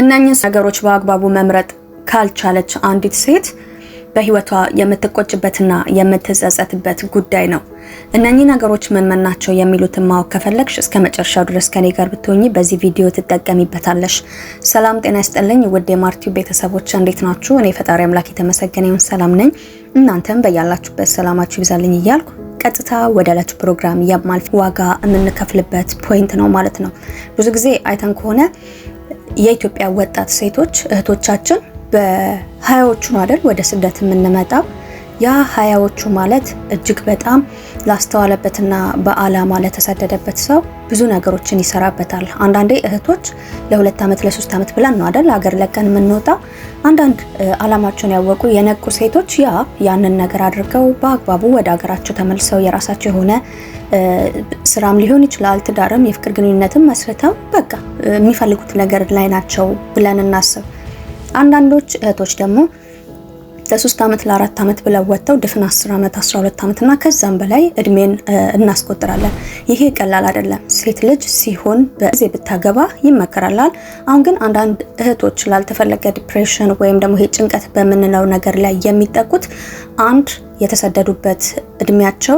እነኚህን ነገሮች በአግባቡ መምረጥ ካልቻለች አንዲት ሴት በህይወቷ የምትቆጭበትና የምትጸጸትበት ጉዳይ ነው። እነኚህ ነገሮች ምን ምን ናቸው የሚሉትን ማወቅ ከፈለግሽ እስከ መጨረሻው ድረስ ከኔ ጋር ብትሆኚ በዚህ ቪዲዮ ትጠቀሚበታለሽ። ሰላም ጤና ይስጥልኝ ውድ የማርቲው ቤተሰቦች እንዴት ናችሁ? እኔ ፈጣሪ አምላክ የተመሰገነውን ሰላም ነኝ። እናንተም በያላችሁበት ሰላማችሁ ይብዛልኝ እያልኩ ቀጥታ ወደ ዕለቱ ፕሮግራም የማልፍ ዋጋ የምንከፍልበት ፖይንት ነው ማለት ነው። ብዙ ጊዜ አይተን ከሆነ የኢትዮጵያ ወጣት ሴቶች እህቶቻችን በሀያዎቹን አይደል ወደ ስደት የምንመጣው ያ ሀያዎቹ ማለት እጅግ በጣም ላስተዋለበትና በዓላማ ለተሰደደበት ሰው ብዙ ነገሮችን ይሰራበታል። አንዳንዴ እህቶች ለሁለት ዓመት ለሶስት ዓመት ብለን ነው አደል አገር ለቀን የምንወጣው። አንዳንድ ዓላማቸውን ያወቁ የነቁ ሴቶች ያ ያንን ነገር አድርገው በአግባቡ ወደ ሀገራቸው ተመልሰው የራሳቸው የሆነ ስራም ሊሆን ይችላል፣ ትዳርም፣ የፍቅር ግንኙነትም መስርተው በቃ የሚፈልጉት ነገር ላይ ናቸው ብለን እናስብ። አንዳንዶች እህቶች ደግሞ ለሶስት ዓመት ለአራት ዓመት ብለው ወጥተው ድፍን 10 ዓመት 12 ዓመት እና ከዛም በላይ እድሜን እናስቆጥራለን። ይሄ ቀላል አይደለም። ሴት ልጅ ሲሆን በጊዜ ብታገባ ይመከራላል። አሁን ግን አንዳንድ እህቶች ላልተፈለገ ዲፕሬሽን ወይም ደግሞ ይሄ ጭንቀት በምንለው ነገር ላይ የሚጠቁት አንድ የተሰደዱበት እድሜያቸው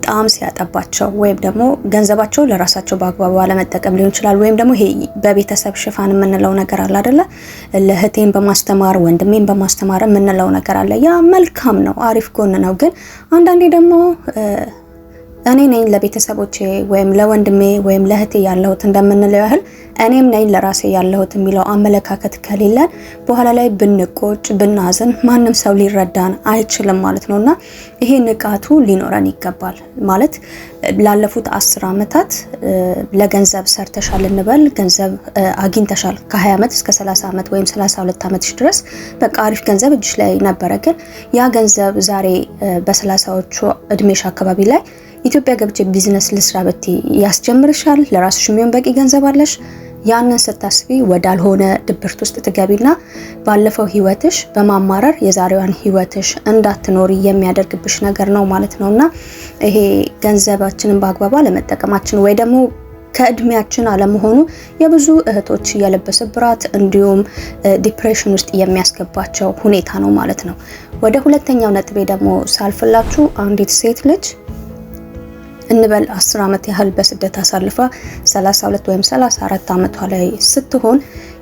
በጣም ሲያጠባቸው ወይም ደግሞ ገንዘባቸው ለራሳቸው በአግባቡ አለመጠቀም ሊሆን ይችላል። ወይም ደግሞ ይሄ በቤተሰብ ሽፋን የምንለው ነገር አለ አደለ? ለህቴን በማስተማር ወንድሜን በማስተማር የምንለው ነገር አለ። ያ መልካም ነው፣ አሪፍ ጎን ነው። ግን አንዳንዴ ደግሞ እኔ ነኝ ለቤተሰቦቼ ወይም ለወንድሜ ወይም ለእህቴ ያለሁት እንደምንለው ያህል እኔም ነኝ ለራሴ ያለሁት የሚለው አመለካከት ከሌለን በኋላ ላይ ብንቆጭ፣ ብናዝን ማንም ሰው ሊረዳን አይችልም ማለት ነው እና ይሄ ንቃቱ ሊኖረን ይገባል ማለት ላለፉት አስር ዓመታት ለገንዘብ ሰርተሻል እንበል ገንዘብ አግኝተሻል ከ20 ዓመት እስከ 30 ዓመት ወይም 32 ዓመትሽ ድረስ በቃ አሪፍ ገንዘብ እጅሽ ላይ ነበረ። ግን ያ ገንዘብ ዛሬ በሰላሳዎቹ እድሜሽ አካባቢ ላይ ኢትዮጵያ ገብቼ ቢዝነስ ልስራ በቲ ያስጀምርሻል። ለራስሽ የሚሆን በቂ ገንዘብ አለሽ። ያንን ስታስቢ ወዳልሆነ ድብርት ውስጥ ትገቢና ባለፈው ህይወትሽ በማማረር የዛሬዋን ህይወትሽ እንዳትኖሪ የሚያደርግብሽ ነገር ነው ማለት ነውና ይሄ ገንዘባችንን በአግባቡ አለመጠቀማችን ወይ ደግሞ ከእድሜያችን አለመሆኑ የብዙ እህቶች የልብ ስብራት እንዲሁም ዲፕሬሽን ውስጥ የሚያስገባቸው ሁኔታ ነው ማለት ነው። ወደ ሁለተኛው ነጥቤ ደግሞ ሳልፍላችሁ አንዲት ሴት ልጅ እንበል አስር ዓመት ያህል በስደት አሳልፋ 32 ወይም 34 ዓመቷ ላይ ስትሆን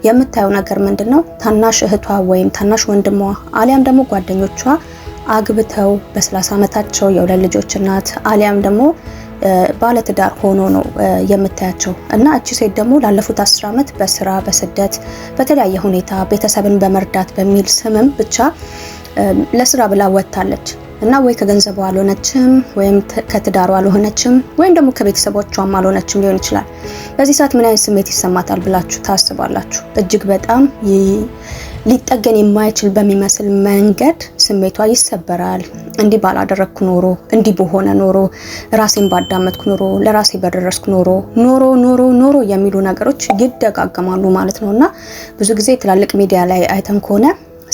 የምታየው ነገር ምንድን ነው? ታናሽ እህቷ ወይም ታናሽ ወንድሟ አሊያም ደግሞ ጓደኞቿ አግብተው በ30 ዓመታቸው የሁለት ልጆች እናት አሊያም ደግሞ ባለትዳር ሆኖ ነው የምታያቸው። እና እቺ ሴት ደግሞ ላለፉት አስር ዓመት በስራ በስደት በተለያየ ሁኔታ ቤተሰብን በመርዳት በሚል ስምም ብቻ ለስራ ብላ ወጥታለች። እና ወይ ከገንዘቧ አልሆነችም ወይም ከትዳሩ አልሆነችም ወይም ደግሞ ከቤተሰቦቿም አልሆነችም ሊሆን ይችላል። በዚህ ሰዓት ምን አይነት ስሜት ይሰማታል ብላችሁ ታስባላችሁ? እጅግ በጣም ሊጠገን የማይችል በሚመስል መንገድ ስሜቷ ይሰበራል። እንዲህ ባላደረግኩ ኖሮ፣ እንዲህ በሆነ ኖሮ፣ ራሴን ባዳመጥኩ ኖሮ፣ ለራሴ በደረስኩ ኖሮ ኖሮ ኖሮ ኖሮ የሚሉ ነገሮች ይደጋገማሉ ማለት ነው እና ብዙ ጊዜ ትላልቅ ሚዲያ ላይ አይተን ከሆነ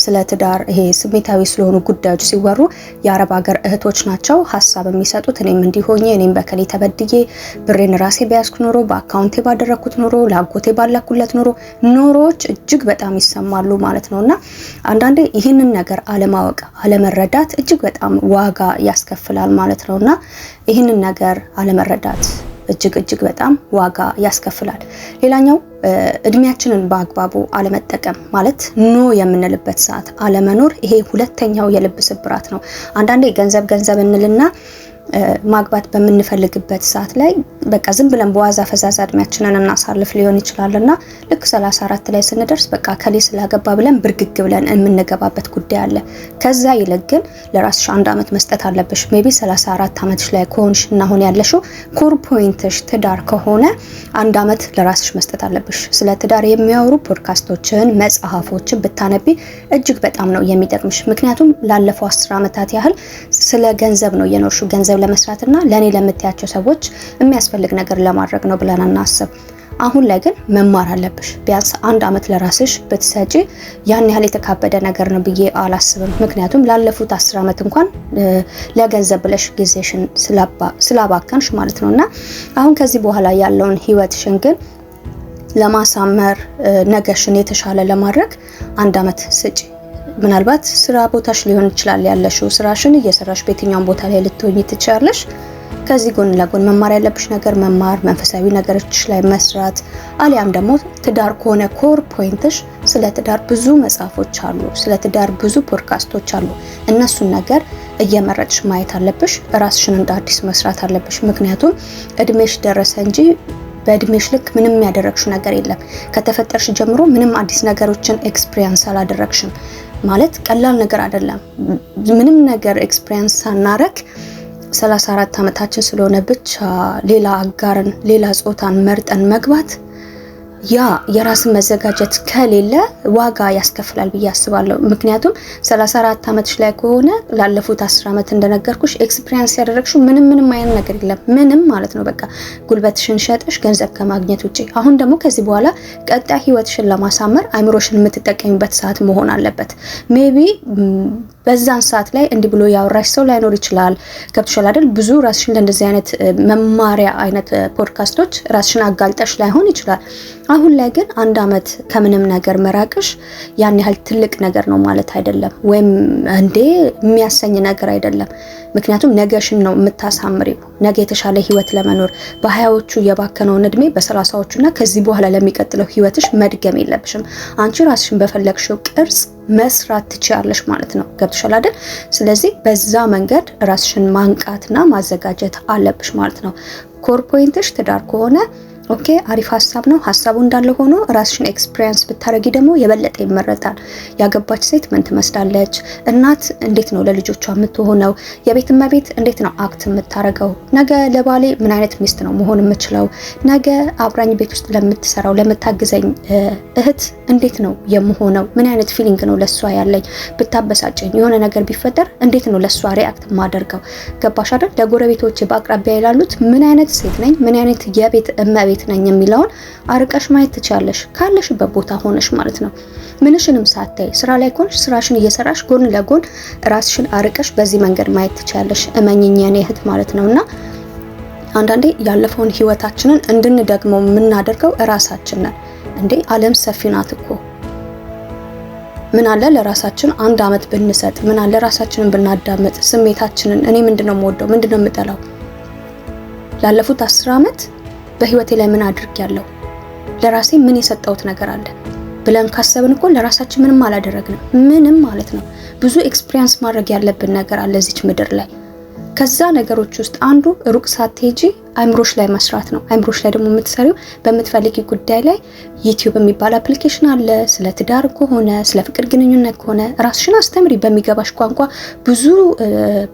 ስለ ትዳር ይሄ ስሜታዊ ስለሆኑ ጉዳዮች ሲወሩ የአረብ ሀገር እህቶች ናቸው ሀሳብ የሚሰጡት። እኔም እንዲሆኝ እኔም በከሌ ተበድዬ ብሬን ራሴ በያዝኩ ኖሮ፣ በአካውንቴ ባደረግኩት ኖሮ፣ ለአጎቴ ባላኩለት ኖሮ ኖሮዎች እጅግ በጣም ይሰማሉ ማለት ነው። እና አንዳንዴ ይህንን ነገር አለማወቅ አለመረዳት እጅግ በጣም ዋጋ ያስከፍላል ማለት ነው። እና ይህንን ነገር አለመረዳት እጅግ እጅግ በጣም ዋጋ ያስከፍላል። ሌላኛው እድሜያችንን በአግባቡ አለመጠቀም ማለት ኖ የምንልበት ሰዓት አለመኖር። ይሄ ሁለተኛው የልብ ስብራት ነው። አንዳንዴ ገንዘብ ገንዘብ እንልና ማግባት በምንፈልግበት ሰዓት ላይ በቃ ዝም ብለን በዋዛ ፈዛዛ እድሜያችንን እናሳልፍ ሊሆን ይችላል እና ልክ 34 ላይ ስንደርስ በቃ ከሌ ስላገባ ብለን ብርግግ ብለን የምንገባበት ጉዳይ አለ። ከዛ ይልቅ ግን ለራስሽ አንድ ዓመት መስጠት አለብሽ። ሜቢ 34 ዓመትሽ ላይ ከሆንሽ እና አሁን ያለሽው ኮር ፖይንትሽ ትዳር ከሆነ አንድ ዓመት ለራስሽ መስጠት አለብሽ። ስለ ትዳር የሚያወሩ ፖድካስቶችን፣ መጽሐፎችን ብታነቢ እጅግ በጣም ነው የሚጠቅምሽ። ምክንያቱም ላለፈው አስር ዓመታት ያህል ስለ ገንዘብ ነው የኖርሽው ገንዘብ ገንዘብ ለመስራትና ለእኔ ለምታያቸው ሰዎች የሚያስፈልግ ነገር ለማድረግ ነው ብለን እናስብ። አሁን ላይ ግን መማር አለብሽ። ቢያንስ አንድ አመት ለራስሽ ብትሰጪ ያን ያህል የተካበደ ነገር ነው ብዬ አላስብም። ምክንያቱም ላለፉት አስር አመት እንኳን ለገንዘብ ብለሽ ጊዜሽን ስላባከንሽ ማለት ነው እና አሁን ከዚህ በኋላ ያለውን ህይወትሽን ግን ለማሳመር ነገሽን የተሻለ ለማድረግ አንድ አመት ስጪ። ምናልባት ስራ ቦታሽ ሊሆን ይችላል ያለሽው ስራሽን እየሰራሽ በየትኛውም ቦታ ላይ ልትሆኝ ትችላለሽ። ከዚህ ጎን ለጎን መማር ያለብሽ ነገር መማር፣ መንፈሳዊ ነገሮች ላይ መስራት፣ አሊያም ደግሞ ትዳር ከሆነ ኮር ፖይንትሽ ስለ ትዳር ብዙ መጽሐፎች አሉ፣ ስለ ትዳር ብዙ ፖድካስቶች አሉ። እነሱን ነገር እየመረጥሽ ማየት አለብሽ። ራስሽን እንደ አዲስ መስራት አለብሽ። ምክንያቱም እድሜሽ ደረሰ እንጂ በእድሜሽ ልክ ምንም ያደረግሽው ነገር የለም። ከተፈጠርሽ ጀምሮ ምንም አዲስ ነገሮችን ኤክስፒሪየንስ አላደረግሽም። ማለት ቀላል ነገር አይደለም። ምንም ነገር ኤክስፒሪየንስ ሳናረግ 34 ዓመታችን ስለሆነ ብቻ ሌላ አጋርን ሌላ ጾታን መርጠን መግባት ያ የራስን መዘጋጀት ከሌለ ዋጋ ያስከፍላል ብዬ አስባለሁ። ምክንያቱም 34 ዓመትሽ ላይ ከሆነ ላለፉት 10 ዓመት እንደነገርኩሽ ኤክስፒሪየንስ ያደረግሽው ምንም ምንም አይነት ነገር የለም። ምንም ማለት ነው በቃ ጉልበትሽን ሸጠሽ ገንዘብ ከማግኘት ውጭ። አሁን ደግሞ ከዚህ በኋላ ቀጣይ ህይወትሽን ለማሳመር አይምሮሽን የምትጠቀሚበት ሰዓት መሆን አለበት። ሜቢ በዛን ሰዓት ላይ እንዲህ ብሎ ያወራሽ ሰው ላይኖር ይችላል። ገብቶሻል አይደል? ብዙ ራስሽን ለእንደዚህ አይነት መማሪያ አይነት ፖድካስቶች ራስሽን አጋልጠሽ ላይሆን ይችላል። አሁን ላይ ግን አንድ አመት ከምንም ነገር መራቅሽ ያን ያህል ትልቅ ነገር ነው ማለት አይደለም፣ ወይም እንዴ የሚያሰኝ ነገር አይደለም። ምክንያቱም ነገሽን ነው የምታሳምሪው፣ ነገ የተሻለ ህይወት ለመኖር በሀያዎቹ የባከነውን እድሜ በሰላሳዎቹና ከዚህ በኋላ ለሚቀጥለው ህይወትሽ መድገም የለብሽም። አንቺ ራስሽን በፈለግሽው ቅርጽ መስራት ትችላለሽ ማለት ነው። ገብቶሻል አይደል? ስለዚህ በዛ መንገድ ራስሽን ማንቃትና ማዘጋጀት አለብሽ ማለት ነው። ኮር ፖይንትሽ ትዳር ከሆነ ኦኬ አሪፍ ሀሳብ ነው። ሀሳቡ እንዳለ ሆኖ ራስሽን ኤክስፒሪየንስ ብታረጊ ደግሞ የበለጠ ይመረጣል። ያገባች ሴት ምን ትመስላለች? እናት እንዴት ነው ለልጆቿ የምትሆነው? የቤት እመቤት እንዴት ነው አክት የምታረገው? ነገ ለባሌ ምን አይነት ሚስት ነው መሆን የምችለው? ነገ አብራኝ ቤት ውስጥ ለምትሰራው ለምታግዘኝ እህት እንዴት ነው የምሆነው? ምን አይነት ፊሊንግ ነው ለሷ ያለኝ? ብታበሳጨኝ፣ የሆነ ነገር ቢፈጠር እንዴት ነው ለሷ ሪአክት ማደርገው? ገባሽ አይደል? ለጎረቤቶቼ፣ በአቅራቢያ ይላሉት ምን አይነት ሴት ነኝ? ምን አይነት የቤት እመቤት ቤት ነኝ የሚለውን አርቀሽ ማየት ትችያለሽ፣ ካለሽበት ቦታ ሆነሽ ማለት ነው። ምንሽንም ሳታይ ስራ ላይ ከሆንሽ ስራሽን እየሰራሽ ጎን ለጎን ራስሽን አርቀሽ በዚህ መንገድ ማየት ትችያለሽ። እመኝኝ የኔ እህት ማለት ነውና አንዳንዴ ያለፈውን ህይወታችንን እንድንደግመው የምናደርገው እራሳችን ነን። እንዴ ዓለም ሰፊ ናት እኮ ምን አለ ለራሳችን አንድ አመት ብንሰጥ፣ ምን አለ ራሳችንን ብናዳምጥ፣ ስሜታችንን እኔ ምንድነው የምወደው፣ ምንድነው የምጠላው ላለፉት አስር አመት በህይወቴ ላይ ምን አድርግ ያለው ለራሴ ምን የሰጠሁት ነገር አለ ብለን ካሰብን እኮ ለራሳችን ምንም አላደረግንም። ምንም ማለት ነው። ብዙ ኤክስፒሪየንስ ማድረግ ያለብን ነገር አለ እዚች ምድር ላይ። ከዛ ነገሮች ውስጥ አንዱ ሩቅ ሳትሄጂ አይምሮሽ ላይ መስራት ነው። አይምሮሽ ላይ ደግሞ የምትሰሪው በምትፈልጊ ጉዳይ ላይ ዩቲዩብ የሚባል አፕሊኬሽን አለ። ስለ ትዳር ከሆነ ስለ ፍቅር ግንኙነት ከሆነ ራስሽን አስተምሪ በሚገባሽ ቋንቋ። ብዙ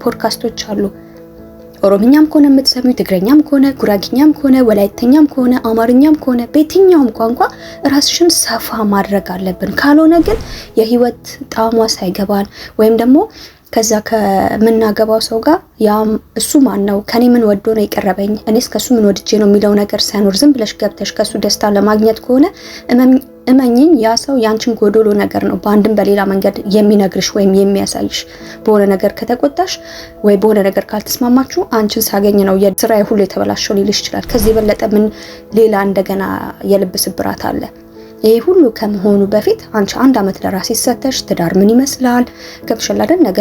ፖድካስቶች አሉ። ኦሮምኛም ከሆነ የምትሰሚው ትግረኛም ከሆነ ጉራጊኛም ከሆነ ወላይተኛም ከሆነ አማርኛም ከሆነ በየትኛውም ቋንቋ ራስሽን ሰፋ ማድረግ አለብን። ካልሆነ ግን የህይወት ጣዕሟ ሳይገባን ወይም ደግሞ ከዛ ከምናገባው ሰው ጋር ያ እሱ ማን ነው፣ ከኔ ምን ወዶ ነው የቀረበኝ፣ እኔስ ከሱ ምን ወድጄ ነው የሚለው ነገር ሳይኖር ዝም ብለሽ ገብተሽ ከሱ ደስታ ለማግኘት ከሆነ እመኝኝ ያ ሰው ያንቺን ጎዶሎ ነገር ነው በአንድም በሌላ መንገድ የሚነግርሽ ወይም የሚያሳይሽ። በሆነ ነገር ከተቆጣሽ ወይ በሆነ ነገር ካልተስማማችሁ አንቺን ሳገኝ ነው የስራዬ ሁሉ የተበላሸው ሊልሽ ይችላል። ከዚህ የበለጠ ምን ሌላ እንደገና የልብ ስብራት አለ? ይሄ ሁሉ ከመሆኑ በፊት አንቺ አንድ ዓመት ለራስ ሰተሽ ትዳር ምን ይመስላል ገብቶሻል አይደል? ነገ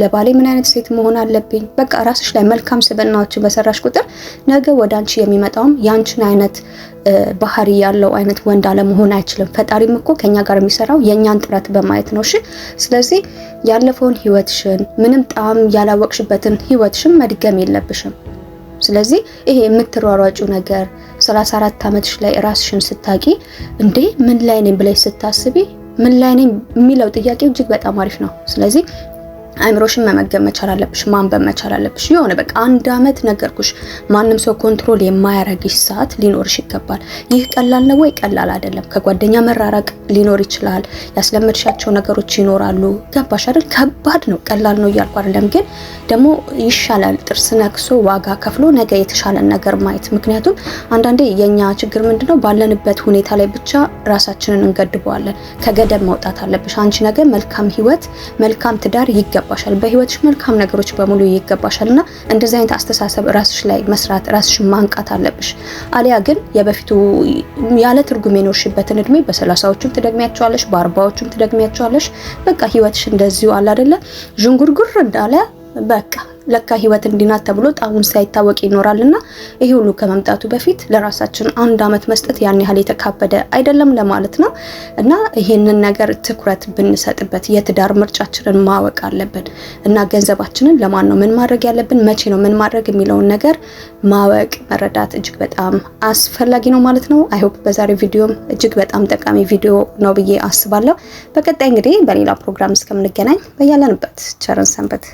ለባሌ ምን አይነት ሴት መሆን አለብኝ? በቃ ራስሽ ላይ መልካም ስብዕናዎችን በሰራሽ ቁጥር ነገ ወደ አንቺ የሚመጣውም ያንቺን አይነት ባህሪ ያለው አይነት ወንድ አለመሆን አይችልም። ፈጣሪም እኮ ከኛ ጋር የሚሰራው የእኛን ጥረት በማየት ነው። እሺ፣ ስለዚህ ያለፈውን ህይወትሽን ምንም ጣም ያላወቅሽበትን ህይወትሽን መድገም የለብሽም። ስለዚህ ይሄ የምትሯሯጩ ነገር 34 ዓመትሽ ላይ ራስሽን ስታቂ እንዴ ምን ላይ ነኝ ብለሽ ስታስቢ ምን ላይ ነኝ የሚለው ጥያቄ እጅግ በጣም አሪፍ ነው። ስለዚህ አእምሮሽን መመገብ መቻል አለብሽ፣ ማንበብ መቻል አለብሽ። የሆነ በቃ አንድ አመት ነገርኩሽ፣ ማንም ሰው ኮንትሮል የማያረግሽ ሰዓት ሊኖርሽ ይገባል። ይህ ቀላል ነው ወይ? ቀላል አይደለም። ከጓደኛ መራራቅ ሊኖር ይችላል። ያስለመድሻቸው ነገሮች ይኖራሉ። ገባሽ አይደል? ከባድ ነው። ቀላል ነው እያልኩ አይደለም፣ ግን ደግሞ ይሻላል ጥርስ ነክሶ ዋጋ ከፍሎ ነገ የተሻለን ነገር ማየት። ምክንያቱም አንዳንዴ የኛ ችግር ምንድነው ባለንበት ሁኔታ ላይ ብቻ ራሳችንን እንገድበዋለን። ከገደብ መውጣት አለብሽ። አንቺ ነገ መልካም ህይወት፣ መልካም ትዳር ይገባል ይገባሻል፣ በህይወትሽ መልካም ነገሮች በሙሉ ይገባሻል እና እንደዚህ አይነት አስተሳሰብ ራስሽ ላይ መስራት ራስሽ ማንቃት አለብሽ። አሊያ ግን የበፊቱ ያለ ትርጉም የኖርሽበትን እድሜ በሰላሳዎቹም ትደግሚያቸዋለሽ፣ በአርባዎቹም ትደግሚያቸዋለሽ። በቃ ህይወትሽ እንደዚሁ አለ አይደለ ዥንጉርጉር እንዳለ በቃ ለካ ህይወት እንዲናት ተብሎ ጣሙን ሳይታወቅ ይኖራል እና ይሄ ሁሉ ከመምጣቱ በፊት ለራሳችን አንድ አመት መስጠት ያን ያህል የተካበደ አይደለም ለማለት ነው። እና ይሄንን ነገር ትኩረት ብንሰጥበት የትዳር ምርጫችንን ማወቅ አለብን እና ገንዘባችንን ለማን ነው ምን ማድረግ ያለብን መቼ ነው ምን ማድረግ የሚለውን ነገር ማወቅ መረዳት እጅግ በጣም አስፈላጊ ነው ማለት ነው። አይ ሆፕ በዛሬ ቪዲዮም እጅግ በጣም ጠቃሚ ቪዲዮ ነው ብዬ አስባለሁ። በቀጣይ እንግዲህ በሌላ ፕሮግራም እስከምንገናኝ በያለንበት ቸርን ሰንበት